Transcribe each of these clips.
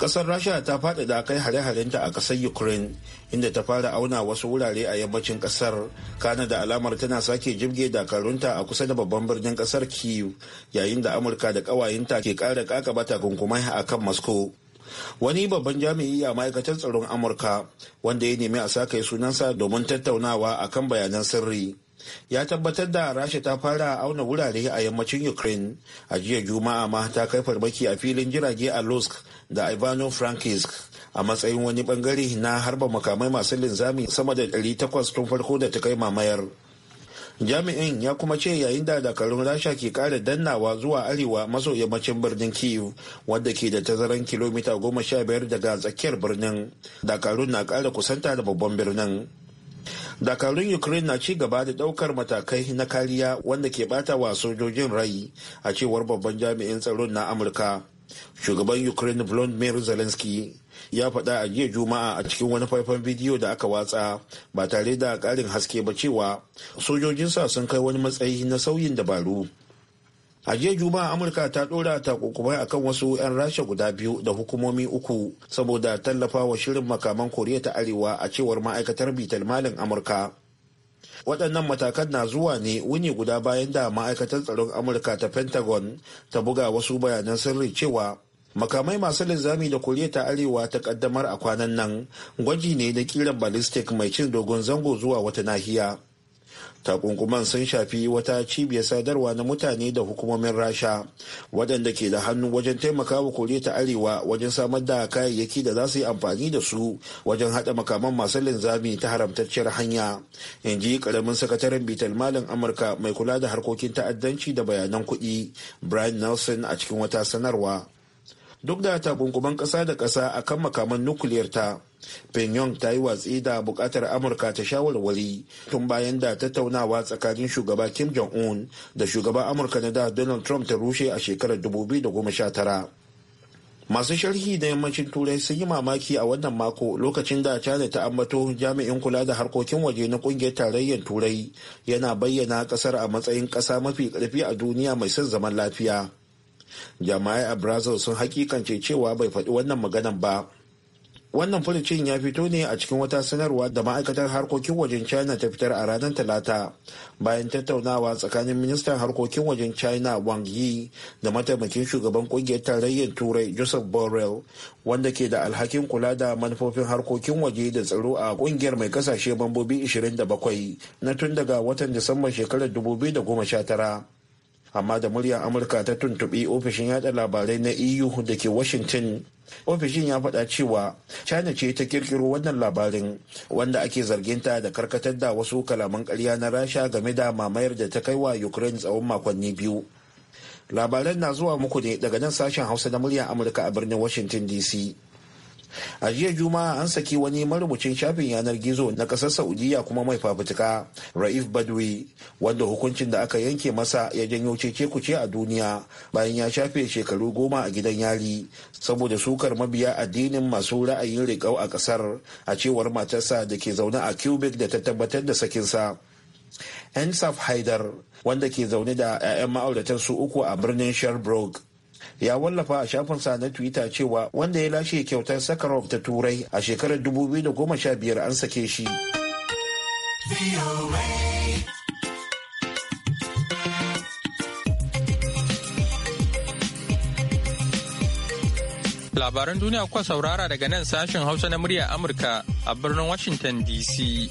kasar rasha ta faɗaɗa kai hare-harenta a ƙasar ukraine inda ta fara auna wasu wurare a yammacin ƙasar kana da alamar tana sake jibge dakarunta a kusa da babban birnin ƙasar kiyu yayin da amurka da ƙawayenta ke ƙara ƙaƙaba takunkumai a kan moscow wani babban jami'i a ma'aikatar tsaron amurka wanda ya nemi a sa kai sunansa domin tattaunawa akan bayanan sirri ya tabbatar da rasha ta fara auna wurare a yammacin ukraine a jiya juma'a ma ta kai farmaki a filin jirage a lusk da ivano frankis a matsayin wani bangare na harba makamai masu linzami sama da 800 tun farko da ta kai mamayar jami'in ya kuma ce yayin da dakarun rasha ke kara dannawa zuwa arewa maso yammacin birnin Kiyu wadda ke da tazaran kilomita goma sha biyar daga tsakiyar birnin dakarun na kara kusanta da babban birnin dakarun ukraine na ci gaba da daukar matakai na kariya wanda ke bata wa sojojin rai a cewar babban jami'in tsaron na amurka shugaban ukraine volodymyr zelensky ya faɗa a jiya juma'a a cikin wani faifan bidiyo da aka watsa ba tare da ƙarin haske ba cewa sojojinsa sun kai wani matsayi na sauyin dabaru a jiya juma'a amurka ta ɗora takunkumai akan wasu 'yan rasha guda biyu da hukumomi uku saboda tallafa wa shirin makaman koriya ta arewa a cewar ma'aikatar bitalmalin amurka waɗannan matakan na zuwa ne wuni guda bayan da ma'aikatar tsaron amurka ta pentagon ta buga wasu bayanan sirri cewa makamai masu linzami da koriya ta arewa ta kaddamar a kwanan nan gwaji ne na kiran ballistic mai cin dogon zango zuwa wata nahiya takunkuman sun shafi wata cibiyar sadarwa na mutane da hukumomin rasha waɗanda ke da hannu wajen taimaka wa koriya ta arewa wajen samar da kayayyaki da za su yi amfani da su wajen haɗa makaman masu linzami ta haramtacciyar hanya in ji ƙaramin sakataren bitar malin amurka mai kula da harkokin ta'addanci da bayanan kuɗi brian nelson a cikin wata sanarwa duk da takunkuman ƙasa da ƙasa a kan makaman nukuliyarta pyongyang ta yi watsi da buƙatar amurka ta shawarwari tun bayan da tattaunawa tsakanin shugaba kim jong-un da shugaba amurka na da donald trump ta rushe a shekarar 2019 masu sharhi na yammacin turai sun yi mamaki a wannan mako lokacin da china ta ambato jami'in kula da harkokin waje na kungiyar tarayyar turai yana bayyana kasar a matsayin kasa mafi karfi a duniya mai son zaman lafiya jama'ai a brazil sun hakikance cewa bai faɗi wannan maganan ba wannan furucin ya fito ne a cikin wata sanarwa da ma'aikatar harkokin wajen china ta fitar a ranar talata bayan tattaunawa tsakanin ministan harkokin wajen china wang yi da mataimakin shugaban kungiyar tarayyar turai joseph borrell wanda ke da alhakin kula da manufofin harkokin waje da tsaro a kungiyar mai kasashe mambobi 27 na tun daga watan disamban shekarar 2019 amma da muryar amurka ta tuntuɓi ofishin yada labarai na eu da ke washington ofishin ya faɗa cewa china ce ta kirkiro wannan labarin wanda ake zarginta da karkatar da wasu kalaman karya na rasha game da mamayar da ta kai wa ukraine tsawon makonni biyu labaran na zuwa muku ne daga nan sashen hausa na muryar amurka a birnin washington dc a jiya juma'a an saki wani marubucin shafin yanar gizo na kasar saudiya kuma mai fafutuka raif badwi wanda hukuncin da aka yanke masa ya janyo cece kuce a duniya bayan ya shafe shekaru goma a gidan yari saboda sukar mabiya addinin masu ra'ayin riƙau a ƙasar a cewar matarsa da ke zaune a cubic da ta tabbatar da sakinsa ensaf haidar wanda ke zaune da 'ya'yan ma'auratan su uku a birnin sherbrooke ya wallafa a shafinsa na twitter cewa wanda ya lashe kyautar sakarov ta turai a shekarar dubu biyu da goma sha biyar, an sake shi labaran duniya kuka saurara daga nan sashen hausa na murya amurka a birnin washington dc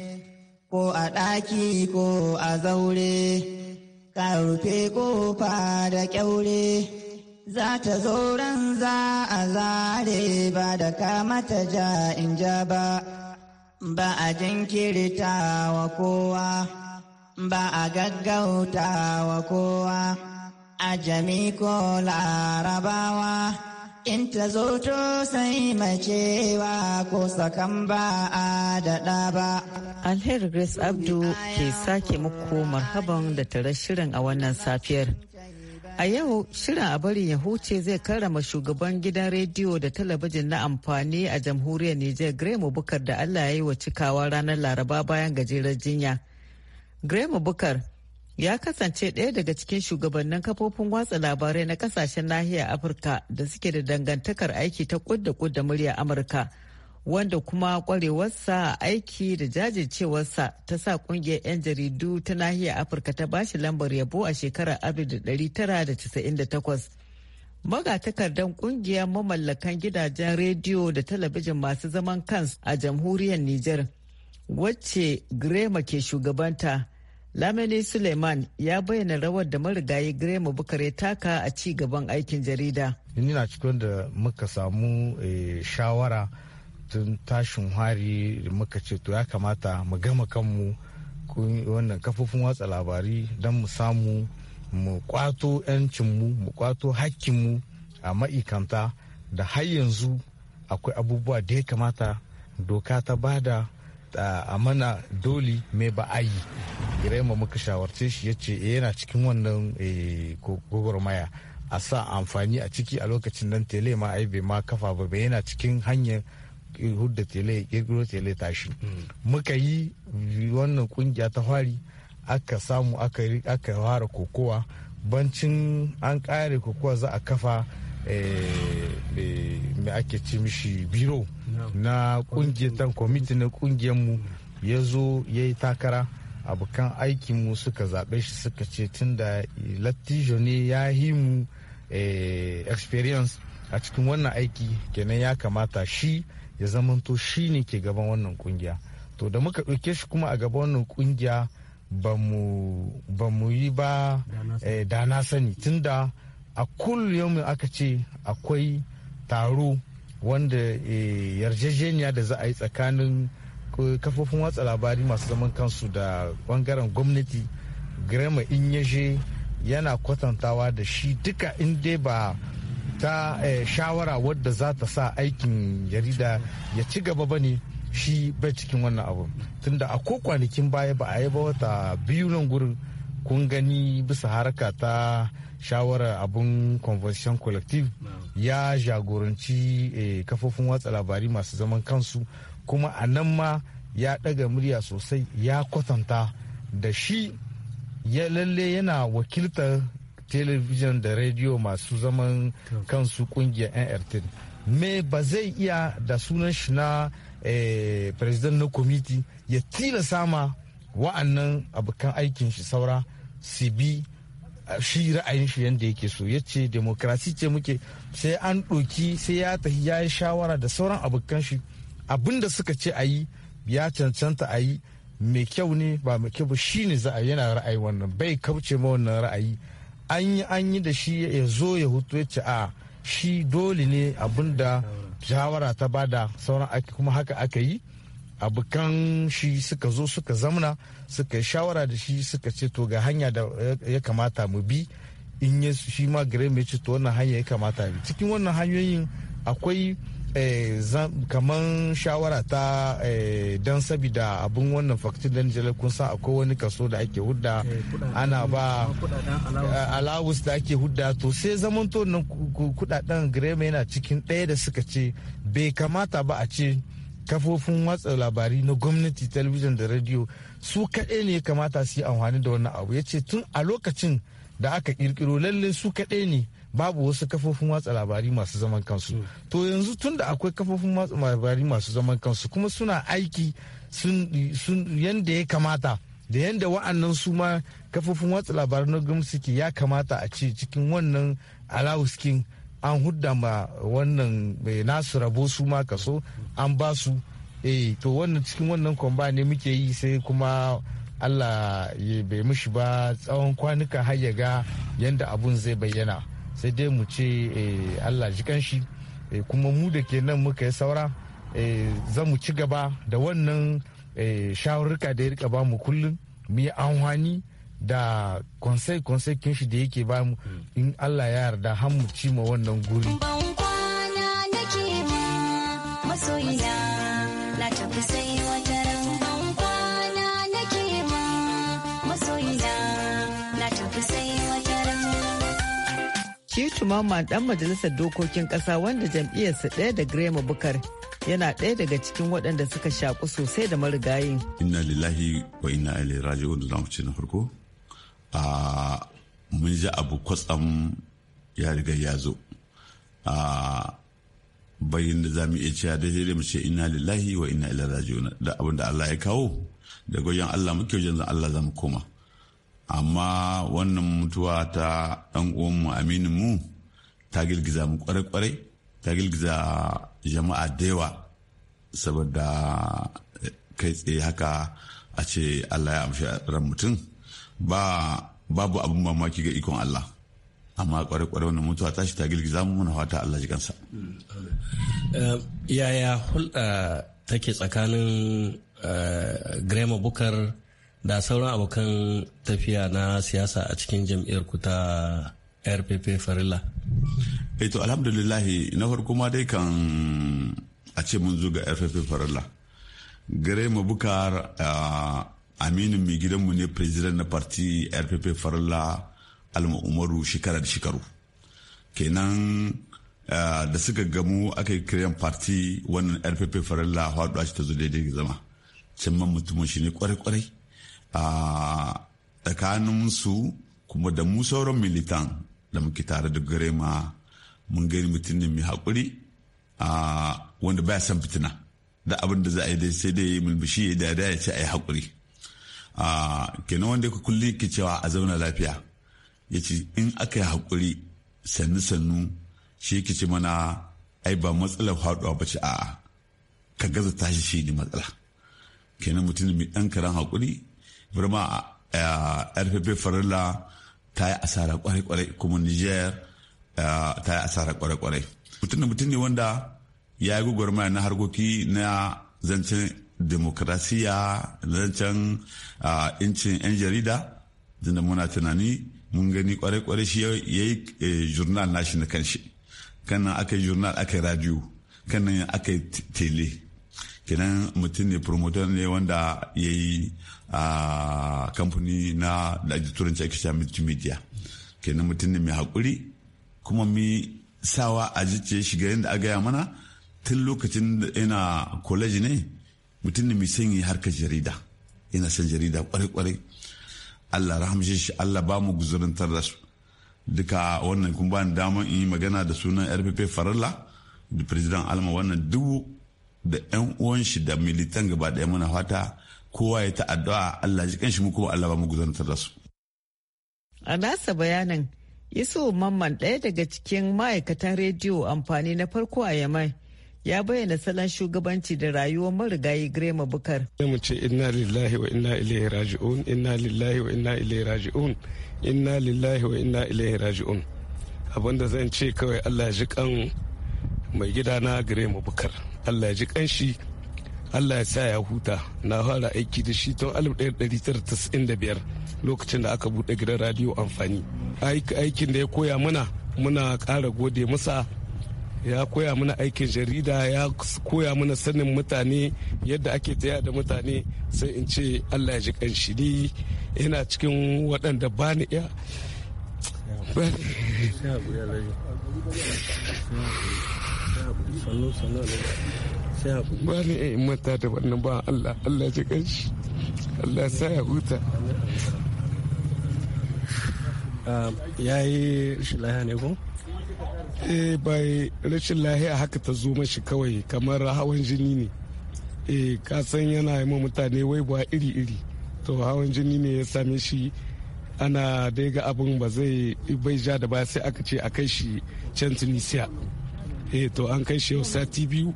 ko a ɗaki ko a zaure, ka rufe ƙofa da ƙyaure, za ta ran za a zare ba da kamata ja in ja ba, ba a jinkirta wa kowa, ba a gaggauta wa kowa, a jami ko larabawa. in ta zo to sai wa ko sakan ba a daɗa ba. Alheri Grace Abdu ke sake muku marhaban da tare shirin a wannan safiyar. A yau shirin a barin ya huce zai karrama shugaban gidan rediyo da talabijin na amfani a jamhuriyar Nijar Gremu Bukar da Allah ya yi wa cikawa ranar Laraba bayan gajerar jinya. Gremu Bukar ya kasance ɗaya daga cikin shugabannin kafofin watsa labarai na ƙasashen nahiyar afirka da suke da dangantakar aiki ta kudda kudda murya amurka wanda kuma kwarewarsa aiki da jajircewarsa ta sa kungiyar 'yan jaridu ta nahiyar afirka ta bashi lambar yabo a shekarar 1998 magatakardan kungiyar mamallakan gidajen rediyo da talabijin masu zaman kansu a jamhuriyar niger wacce grema ke shugabanta Lamani Suleiman ya bayyana rawar da marigayi Grema Bukare taka a ci gaban aikin jarida. Ina cikin da muka samu eh, shawara tun tashin hari muka ce to ya kamata mu gama kanmu wannan kafofin watsa labari don mu samu mu kwato 'yancinmu mu kwato hakkinmu a ma'ikanta da har yanzu akwai abubuwa da ya kamata doka ta bada a mana doli me ba a yi muka shawarce shi ya ce eh, yana cikin wannan eh, maya a sa amfani a ciki a lokacin nan tele ma ai ma kafa ba bai yana cikin hanyar hudda tele kirkiro tele tashi hmm. muka yi wannan kungiya ta fari aka samu aka fara kokowa bancin an kare kokowa za a kafa eh, mai ake ci mishi biro na kungiyar ta kwamiti na mu ya zo ya yi takara abokan mu suka zaɓe shi suka ce tun da lattijo ne ya yi mu eh, experience a cikin wannan aiki kenan ya kamata shi ya zamanto shi ne ke gaban wannan kungiya to da muka ɗauke shi kuma a gaban wannan kungiya ba mu yi ba eh, da na sani tunda a kullum aka ce akwai taro wanda eh, yarjejeniya da za a yi tsakanin kafofin watsa labari masu zaman kansu da bangaren gwamnati grema in yaje yana kwatantawa da shi duka in dai ba ta eh, shawara wadda za ta sa aikin jarida ya ci gaba ba ne shi bai cikin wannan abu tunda a ko kwanakin baya ba a yi ba wata biyu nan gurin kun gani bisa harka ta shawarar abun convention collective ya jagoranci eh, kafofin watsa labari masu zaman kansu kuma a nan ma ya ɗaga murya sosai ya kwatanta da shi ya lalle yana wakiltar telebijin da rediyo masu zaman kansu kungiyar nrt me ba zai iya da sunan shi na eh, president na committee ya tilasa ma wa'annan abokan aikin shi saura su bi shi ra'ayin shi yadda yake so ya ce demokrasi ce muke sai an ɗoki sai ya tafi ya yi shawara da sauran abokan shi abin da suka ce a yi ya cancanta a yi mai kyau ne ba mai kyau ba shi ne za a yana ra'ayi wannan bai kauce ma wannan ra'ayi an yi an yi da shi ya zo ya hutu ya ce a shi dole ne abin da shawara ta bada sauran kuma haka aka yi abokan shi suka zo suka zamna suka yi shawara da shi suka ce to ga hanya da ya kamata mu bi in yi shi ma gare mai ce to wannan hanya ya kamata bi cikin wannan hanyoyin akwai eh, kamar shawara ta eh, don sabida abin wannan faktin da nijar kun sa akwai wani kaso da ake hudda eh, ana ba alawus da ake hudda to sai zamanto nan kudaden gremi yana cikin ɗaya da suka ce bai kamata ba a ce kafofin watsa labari na gwamnati talabijin da rediyo su kaɗai ne ya kamata su yi amfani da wannan abu ya ce tun a lokacin da aka kirkiro lalle su kaɗai ne babu wasu kafofin watsa labari masu zaman kansu to yanzu tun da akwai kafofin watsa labari masu zaman kansu kuma suna aiki sun yanda ya kamata da yanda wa'annan su ma kafofin watsa labarai na gwamnati ya kamata a ce cikin wannan alawuskin an hudda ma wannan mai nasu rabo su ma kaso an ba su eh to wannan cikin wannan kwamba ne muke yi sai kuma allah ya bai mushi ba tsawon kwanuka har ya ga yadda abun zai bayyana sai dai mu ce eh, allah ji kanshi eh, kuma mu da ke nan muka yi saura eh, za mu ci gaba da wannan shawarruka da ya rika ba mu kullum mu yi amfani da konsai-konsai kin shi da yake bamu in Allah ya yarda har mu ci ma wannan guri. Ban kwana ɗan majalisar dokokin kasa wanda jam'iyyarsa ɗaya da Grema Bukar yana ɗaya daga cikin waɗanda suka shaku sosai da marigayi. Inna lillahi wa inna ilaihi raji'un da zamu na farko a mun ji abu kwatsam ya riga ya zo a bayin da za mu iya cewa da sai mu ce inna lillahi wa inna ila da abin da Allah ya kawo da goyon Allah muke wajen zan Allah za koma amma wannan mutuwa ta dan uwan mu aminin mu ta girgiza mu kwarai kwarai ta girgiza jama'a da yawa saboda eh, kai tsaye haka a ce Allah ya amshi ran mutum ba babu abin mamaki ga ikon Allah amma kware-kware wannan mutuwa ta shi ta girgiza mu muna fata Allah ji kansa eh, yaya hulɗa take tsakanin eh, Grema Bukar da sauran abokan tafiya na siyasa a cikin jam'iyyar ku ta RPP Farilla eh, to alhamdulillah na farko ma dai kan a ce mun zuga ga rpp farilla Grema mu bukar ah, Aminu mai gidanmu ne president na parti rpp farla alma umaru shekara da shekaru kenan eh, da suka gamu aka yi kiran parti wannan rpp farla haɗuwa shi ta zo daidai zama can man mutumin shi ne kwarai-kwarai ah, tsakanin su kuma da mu sauran militan da muke tare da gare ma mun gani mutum ne mai haƙuri a ah, wanda baya son fitina da abin da za a yi dai sai dai mulmushi ya dada ya ce a yi haƙuri kenan wanda ya kullum ke cewa a zauna lafiya ya ce in aka yi haƙuri sannu sannu shi ke ce mana ai ba matsalar faɗuwa ba ce a ka gaza tashi shi ne matsala kenan mutum mai ɗan karan haƙuri burma a rfp farilla ta yi asara kwarai-kwarai kuma niger ta yi asara kwarai-kwarai mutum mutum ne wanda ya yi gwagwarmaya na harkoki na zancen demokrasiya zancen incin 'yan jarida da muna tunani mun gani kwarai-kwarai shi ya yi e, jurnal nashi na kanshi kannan aka yi jurnal aka yi radio kannan aka yi tele kenan mutum ne promoter ne wanda ya yi a kamfani na da turanci ake sha multimedia kenan mutum ne mai haƙuri kuma mi sawa a jice shiga yadda a gaya mana tun lokacin da ina college ne mutum ne mai yi harka jarida yana san jarida kwarai-kwarai allah rahamshe shi allah ba mu guzurantar da su duka wannan kuma ba ni damar in yi magana da sunan rpp farilla da president alma wannan dubu da yan uwan shi da militan gaba daya muna fata kowa ya ta'addu'a allah ji kanshi mu kuma allah ba mu guzurantar da su a nasa bayanin yusuf mamman ɗaya daga cikin ma'aikatan rediyo amfani na farko a yamai ya bayyana salon shugabanci da rayuwar marigayi Grema Bukar. Mu ce inna lillahi wa inna ilaihi raji'un inna lillahi wa inna ilaihi raji'un inna lillahi wa inna ilaihi raji'un abinda zan ce kawai Allah ya ji kan mai gidana Grema Bukar Allah ya ji kan shi Allah ya sa ya huta na fara aiki da shi tun 1995 lokacin da aka buɗe gidan radio amfani aikin da ya koya mana muna ƙara gode masa ya koya mana aikin jarida ya koya mana sanin mutane yadda ake taya da mutane sai in ce allah ya ji kanshi ni yana cikin waɗanda ba ni iya ba ni iya mata da wannan ba allah allah ya ji kanshi allah sa ya huta ah, ya yi shi ne ko? eh bai rashin lahiya haka ta zo mashi kawai kamar hawan jini ne eh kasan yana yi mutane waibuwa iri-iri to hawan jini ne ya same shi ana dai ga abin ba zai bai ja da ba sai aka ce a kai shi can tunisia e to an kai shi yau sati biyu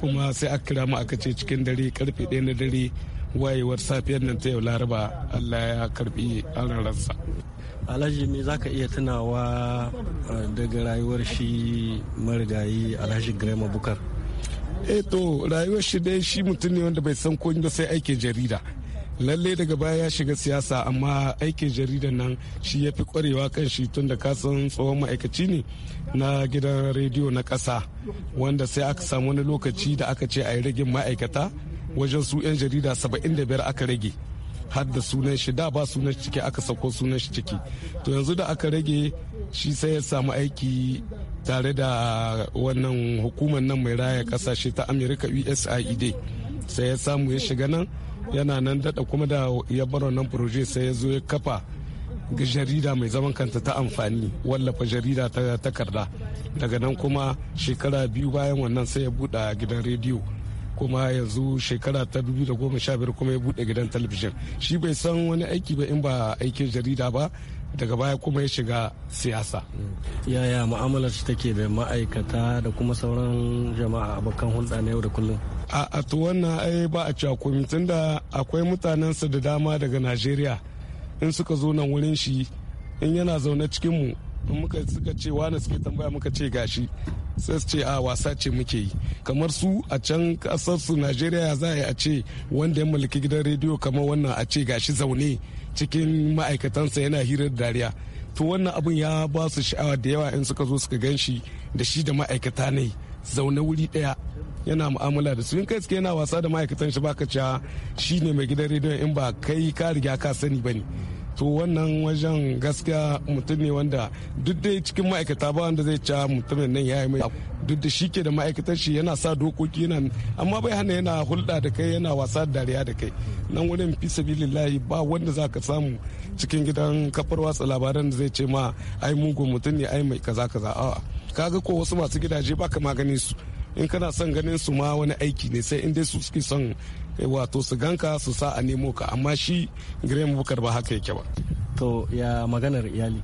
kuma sai aka kira mu aka ce cikin dare karfe ɗaya na dare wayewar safiyar nan ta yau laraba allah ya karbi an alhaji me za ka iya tunawa eh, daga rayuwar shi marigayi alhaji grama bukar eh to rayuwar shi dai shi mutum ne wanda bai san komai ba sai aikin jarida lalle daga baya ya shiga siyasa amma aikin jarida nan shi ya fi kwarewa kan shi tun da kasan tsohon ma'aikaci ne na gidan rediyo na kasa wanda sai aka samu wani lokaci da aka ce a yi ragin ma'aikata wajen su 'yan jarida 75 aka rage har da sunan shi da ba sunan shi ciki aka sako sunan shi ciki to yanzu da aka rage shi sai ya samu aiki tare da wannan hukumar nan mai raya kasashe ta america usaid e sai ya samu ya shiga nan yana nan dada kuma da ya bar wannan proje sai ya zo ya kafa jarida mai zaman kanta ta amfani wallafa jarida ta takarda daga nan kuma shekara biyu bayan wannan sai ya buɗe gidan rediyo kuma yanzu shekara ta da goma sha biyar kuma ya buɗe gidan talabijin shi bai san wani aiki ba in ba aikin jarida ba daga baya kuma ya shiga siyasa. Yaya mu'amalar shi take da ma'aikata da kuma sauran jama'a abokan hulɗa na yau da kullum? A to wannan ai ba a cewa komi tunda akwai mutanensa da dama daga Najeriya in suka zo nan wurin shi in yana zaune cikin mu in muka suka ce wani suke tambaya muka ce gashi sai su ce a ah, wasa ce muke yi kamar su a can kasar su najeriya za a yi a ce wanda ya mulki gidan rediyo kamar wannan a ce gashi zaune cikin ma'aikatansa yana hirar dariya to wannan abun ya ba su sha'awa da yawa in suka zo suka gan shi da shi da ma'aikata ne zaune wuri daya yana mu'amala da su in kai suke yana wasa da ma'aikatan shi baka cewa shi ne mai gidan rediyo in ba kai ka riga ka sani bane to wannan wajen gaskiya mutum ne wanda duk dai cikin ma'aikata ba wanda zai ca mutumin nan ya yi mai duk da shi ke da ma'aikatar shi yana sa dokoki nan amma bai hana yana hulɗa da kai yana wasa da dariya da kai nan wurin fi sabilillahi ba wanda za ka samu cikin gidan kafar watsa labaran da zai ce ma ai mugun mutum ne ai mai kaza kaza a'a ga ko wasu masu gidaje baka magani su in kana son ganin su ma wani aiki ne sai in dai su suke son wato su ganka su sa a nemo ka amma shi Giren Bukar ba haka yake ba. To ya maganar iyali.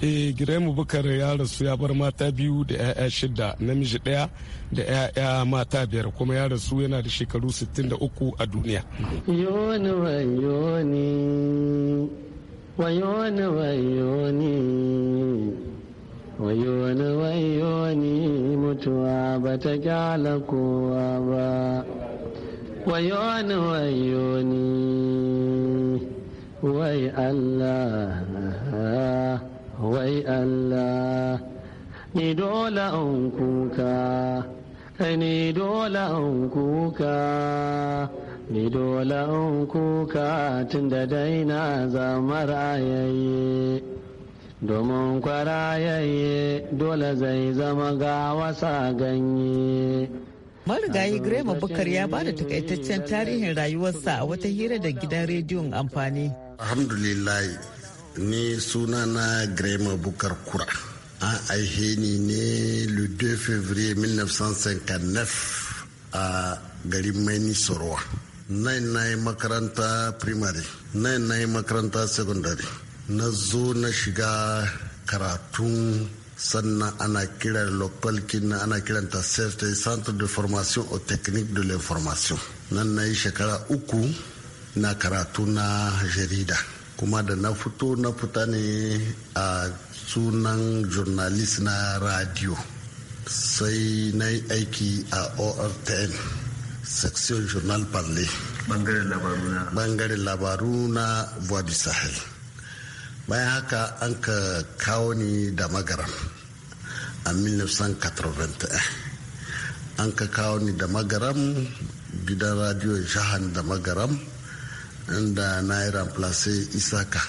Eh Giren Bukar ya rasu ya bar mata biyu da 'ya'ya shida namiji ɗaya da 'ya'ya mata biyar kuma ya rasu yana da shekaru 63 a duniya. Yoni wayoni wayoni wayoni wayoni wayoni mutuwa bata kyala kowa ba. wayoni wayoni wai Allah wai Allah ni dole an kuka ni dole an kuka ni dole an kuka tun da daina zamar ayaye domin kwarayayye dole zai zama ga wasa ganye marigayi grema bukar ya bada takaitaccen tarihin rayuwarsa a wata hira da gidan rediyon amfani alhamdulillah ni suna na grema bukar kura an aihe ni ne le 2 février 1959 a garin maini sorowa nan na yi makaranta primary nan na yi makaranta secondary na zo na shiga karatun sannan ana kiran local kinna ana kiranta cft centre de formation au technique de l'information nan na yi shekara uku na karatu na jarida kuma da na fito na fita ne a sunan journalist na radio sai na yi aiki a ortn section journal parle bangaren labaru na voie du sahel bayan haka an ka kawo ni da magaram a 1981 an ka kawo ni da magaram gidan radio shahan da magaram inda na yi ramplace isaka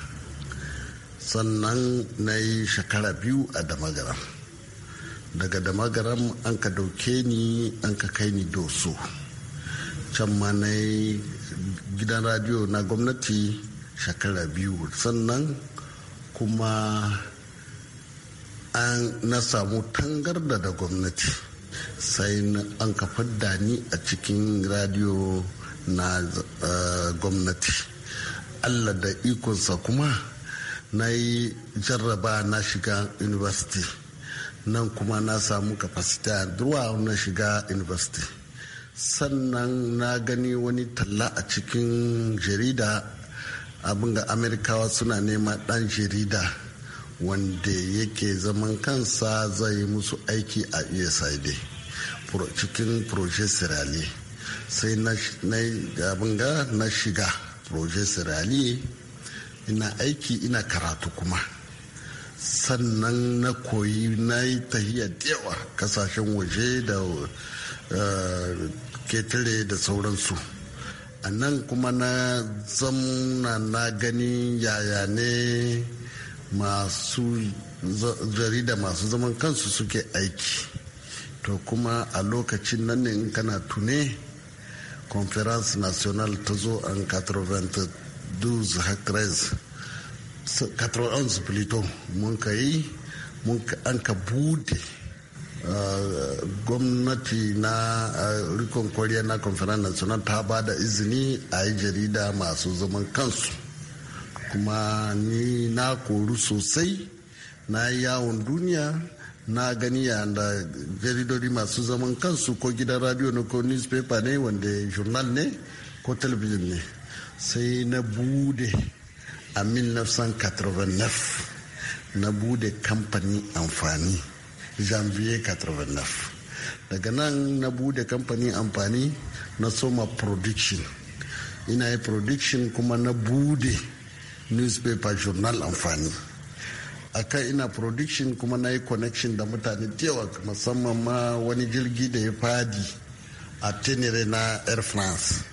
sannan na yi shekara biyu a damagaram daga damagaram an ka dauke ni an ka kai ni doso can ma na yi gidan radio na gwamnati shekara biyu sannan kuma an na samu tangarda da gwamnati sai an kafa ni a cikin radio na eh, gwamnati allah da ikonsa kuma na yi jarraba na shiga university nan kuma na samu kapasita duwa na shiga university sannan na gani wani talla a cikin jarida abin ga amerikawa suna nema dan jarida wanda yake zaman kansa zai yi musu aiki a usaid e cikin proje ali sai na abin ga na shiga proje ali ina aiki ina karatu kuma sannan na koyi na yi tahiya dewa kasashen waje da eh, ketare da sauransu a nan kuma na zamna na gani yaya ne masu jarida masu zaman kansu suke aiki to kuma a lokacin nan ne in kana tune conference national ta zo an 92 hackres 91 plateau mun ka yi an ka bude gwamnati na eh, rikon kwarya na conference national ta ba da izini a yi jarida masu zaman kansu kuma ni na koru sosai na yawon duniya na gani da jaridori masu zaman kansu ko gidan radio ne ko newspaper ne wanda journal ne ko television ne sai na bude a 1989 na bude kamfanin amfani janvier 89 daga nan na bude kamfanin amfani na soma production ina yi production kuma na bude newspaper journal amfani akan ina production kuma na yi connection da mutane yawa musamman ma wani jirgi da ya fadi a tenere na air france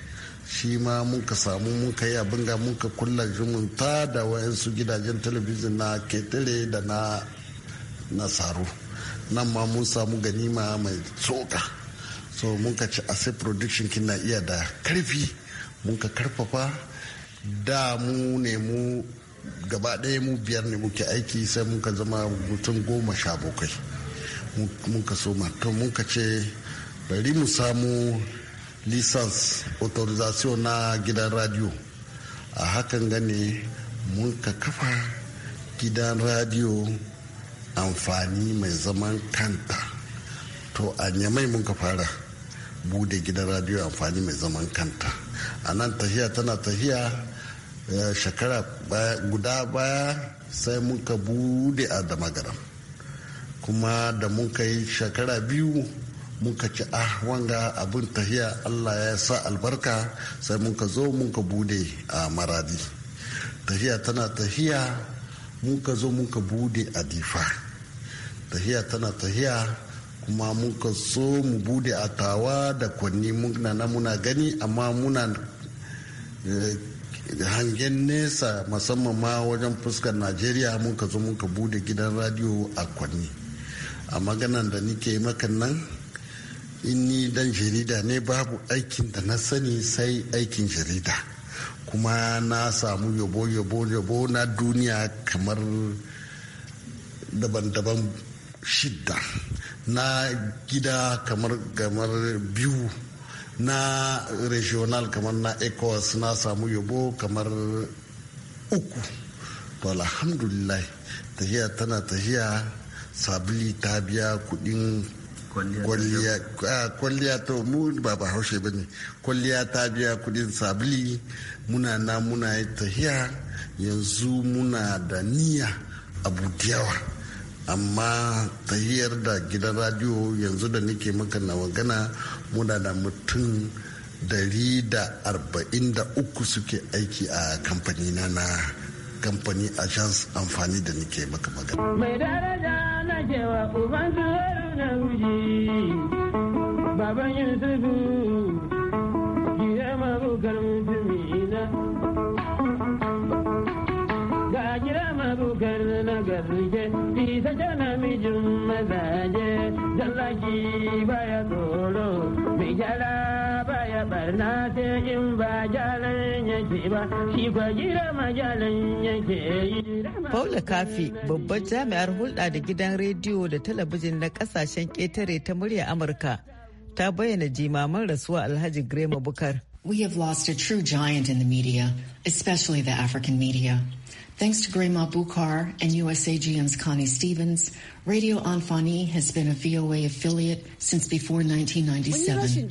shi ma muka samu muka yi abin ga muka kulla zumunta da wayansu gidajen talabijin na ketare da na nasaru nan ma mun samu ganima mai tsoka so mun ka ci ase production kin iya da karfi mun ka karfafa da mu ne mu gaba ɗaya mu biyar ne muke aiki sai mun ka zama mutum goma sha bakwai mun ka so to mun ka ce bari mu samu lisans autorisation na gidan radio a hakan gane mun ka kafa gidan radio amfani mai zaman kanta to a nyamai mun ka fara bude gidan radiyo amfani mai zaman kanta a nan tahiya tana tahiya eh, shekara guda baya sai mun ka bude a damagaram kuma da mun ka yi shekara biyu mun ka ci ah wanga abin tahiya allah ya sa albarka sai mun ka zo mun ka bude a maradi tahiya tana tahiya mun ka zo muka bude a difa tahiya tana tahiya kuma mun ka so mu bude a tawa da kwanni muna na muna gani amma muna eh, hangen nesa musamman ma wajen fuskar najeriya mun ka zo mun ka bude gidan radio a kwanni a maganan da nike makan nan in ni dan jarida ne babu aikin da na sani sai aikin jarida kuma na samu yabo yabo yabo na duniya kamar daban-daban shidda na gida kamar gamar biyu na regional kamar na ecowas na samu yabo kamar uku to alhamdulillah tahiya tana tahiya sabili ta biya kudin ah, kwalliya to mu ba ba haushe ba ne kwalliya ta biya kudin sabili muna na muna tahiya yanzu muna da niyya abu da amma tahiyar da gidan Radio yanzu da nake maka na magana muna da mutum 143 suke aiki a kamfani na na kamfani a agence amfani da nake maka magana mai daraja na cewa uban na guji baban yusufu girma bukar mutumi na ga girma bukar na garke Isa ta namijin mazaje, jallaki baya tsoro, bai gyara baya barna sai in ba jalan yake ba, shi kwa gira ma jalan yake yi. Paula Kafi, babbar jami'ar hulɗa da gidan rediyo da talabijin na ƙasashen ƙetare ta murya Amurka, ta bayyana jimaman rasuwa Alhaji Grema Bukar. We have lost a true giant in the media, especially the African media. Thanks to Grandma Bukhar and USAGN's Connie Stevens, Radio Anfani has been a VOA affiliate since before 1997.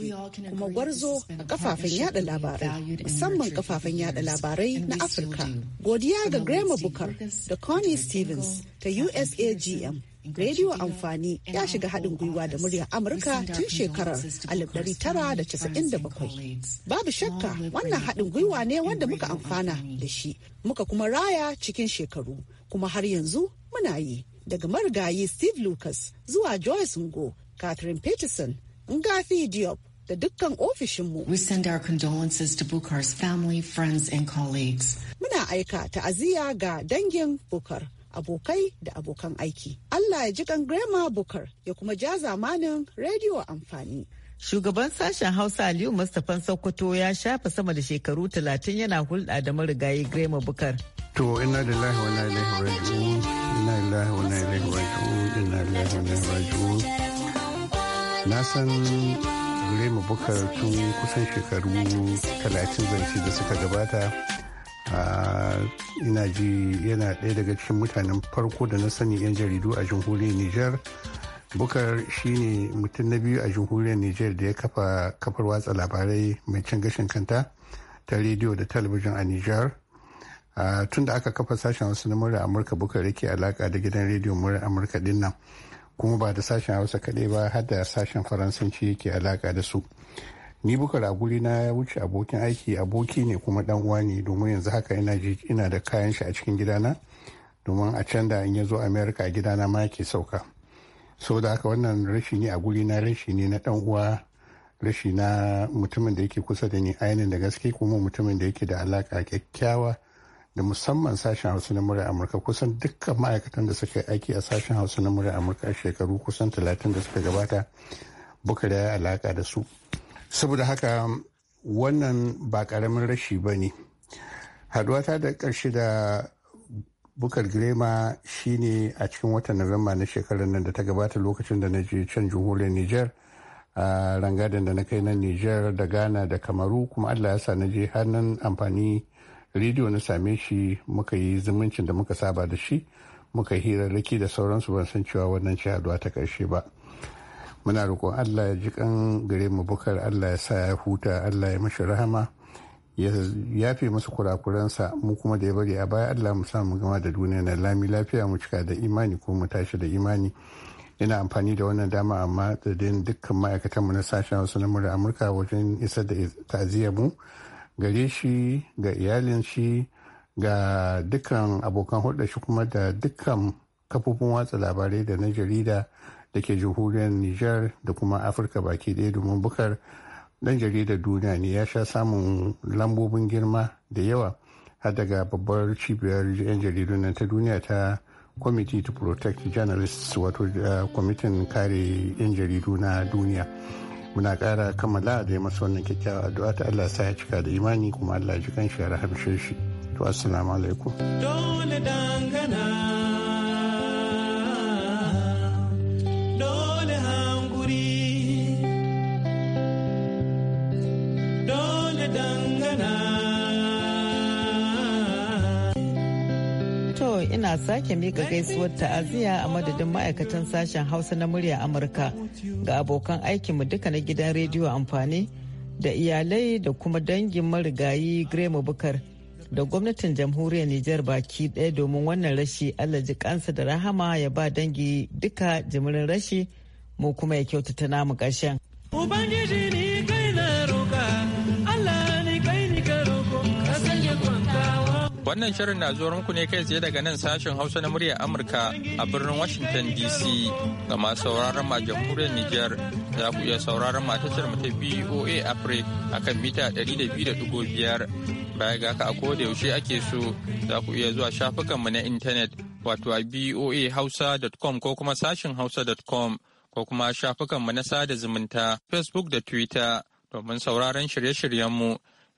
We all can agree gwarzo a kafafen yada labarai, musamman kafafen yada labarai na Afirka. Godiya ga Grandma Bukhar the Connie Stevens ta USAGM. Rediyo amfani ya shiga haɗin gwiwa da murya Amurka tun shekarar 1997. Babu shakka wannan haɗin gwiwa ne wanda muka amfana da shi, muka kuma raya cikin shekaru, kuma har yanzu muna yi. Daga marigayi Steve Lucas zuwa Joyce Ngo, Catherine Peterson, Ngafi Diop, da dukkan ofishinmu. We send our condolences to Bukar's family, friends and colleagues. Muna aika ta'aziyya ga dangin Bukar. abokai da abokan aiki. Allah ya ji kan Grandma Bukar ya kuma ja zamanin rediyo amfani. Shugaban sashen Hausa Aliyu Mustapha Sokoto ya shafa sama da shekaru talatin yana hulɗa da marigayi Grema Bukar. To ina da lahi wa na ilahi raji'un, ina da lahi wa na ilahi raji'un, ina da lahi wa na raji'un. Na san Grema Bukar tun kusan shekaru talatin zance da suka gabata. ina ji yana ɗaya daga cikin mutanen farko da na sani 'yan jaridu a jamhuriyar niger bukar shine mutum na biyu a jamhuriyar niger da ya kafa kafar watsa labarai mai cin gashin kanta ta rediyo da talabijin a niger tun da aka kafa sashen wasu na murar amurka bukar yake alaka da gidan rediyo murar amurka dinnan kuma ba da sashen hausa kaɗai ba har da sashen faransanci yake alaka da su ni bukar a na ya wuce abokin aiki aboki ne kuma dan uwa ne domin yanzu haka ina ina da kayan shi a cikin gidana domin a can da in ya zo america gidana ma yake sauka so da haka wannan rashi ne a na rashi ne na dan uwa rashi na mutumin da yake kusa da ni ainihin da gaske kuma mutumin da yake da alaka kyakkyawa da musamman sashen hausa na murya amurka kusan dukkan ma'aikatan da suka yi aiki a sashen hausa na murya amurka shekaru kusan talatin da suka gabata bukari ya yi alaka da su saboda haka wannan ba karamin rashi ba ne haduwa ta da ƙarshe da bukar grema shine a cikin watan novemba na shekarar nan da ta gabata lokacin da na je can jamhuriyar niger a rangadin da na kai na niger da ghana da kamaru kuma allah ya sa na je hannun amfani rediyo na same shi muka yi zumuncin da muka saba da shi muka hirarraki da sauransu ban san cewa wannan ce haduwa ta karshe ba muna roƙon allah ya ji kan gare mu bukar allah ya sa ya huta allah ya mashi rahama ya yafe masa kurakuransa mu kuma da ya bari a baya allah mu samu gama da duniya na lami lafiya mu cika da imani ko mu tashi da imani ina amfani da wannan dama amma da dukkan ma'aikatanmu na sashen wasu na murar amurka wajen isa da taziya mu gare shi ga iyalin shi ga dukkan abokan hulɗa shi kuma da dukkan kafofin watsa labarai da na jarida da ke jamhuriyar nijar da kuma afirka baki ɗaya domin bukar ɗan jaridar duniya ne ya sha samun lambobin girma da yawa har daga babbar cibiyar 'yan jaridu na ta duniya ta committee to protect journalists wato eh, kwamitin kare 'yan jaridu na duniya muna kara kammala da masu wannan kyakkyawa addu'a ta Allah sa ya cika da imani kuma Allah ji kan shi ya rahamshe shi to assalamu alaikum dole dangana a sake mika gaisuwar ta'aziya a madadin ma'aikatan sashen hausa na murya amurka ga abokan aikinmu duka na gidan rediyo amfani da iyalai da kuma dangin marigayi gremu bukar da gwamnatin jamhuriyar nijar baki ɗaya domin wannan rashi allah ji kansa da rahama ya ba dangi duka jimirin rashi mu kuma ya kyautata namu ƙarshen ubangiji ni kai Wannan shirin na zuwa muku ne kai tsaye daga nan sashen Hausa na muryar Amurka a birnin Washington DC ga masu sauraron ma jamhuriyar Nijar za ku iya sauraron ma tashar mu ta BOA Africa kan mita 200.5 baya ga ka a koda yaushe ake so za ku iya zuwa shafukanmu na intanet wato a boahausa.com ko kuma sashen hausa.com ko kuma shafukan mu na sada zumunta Facebook da Twitter domin sauraron shirye-shiryenmu. mu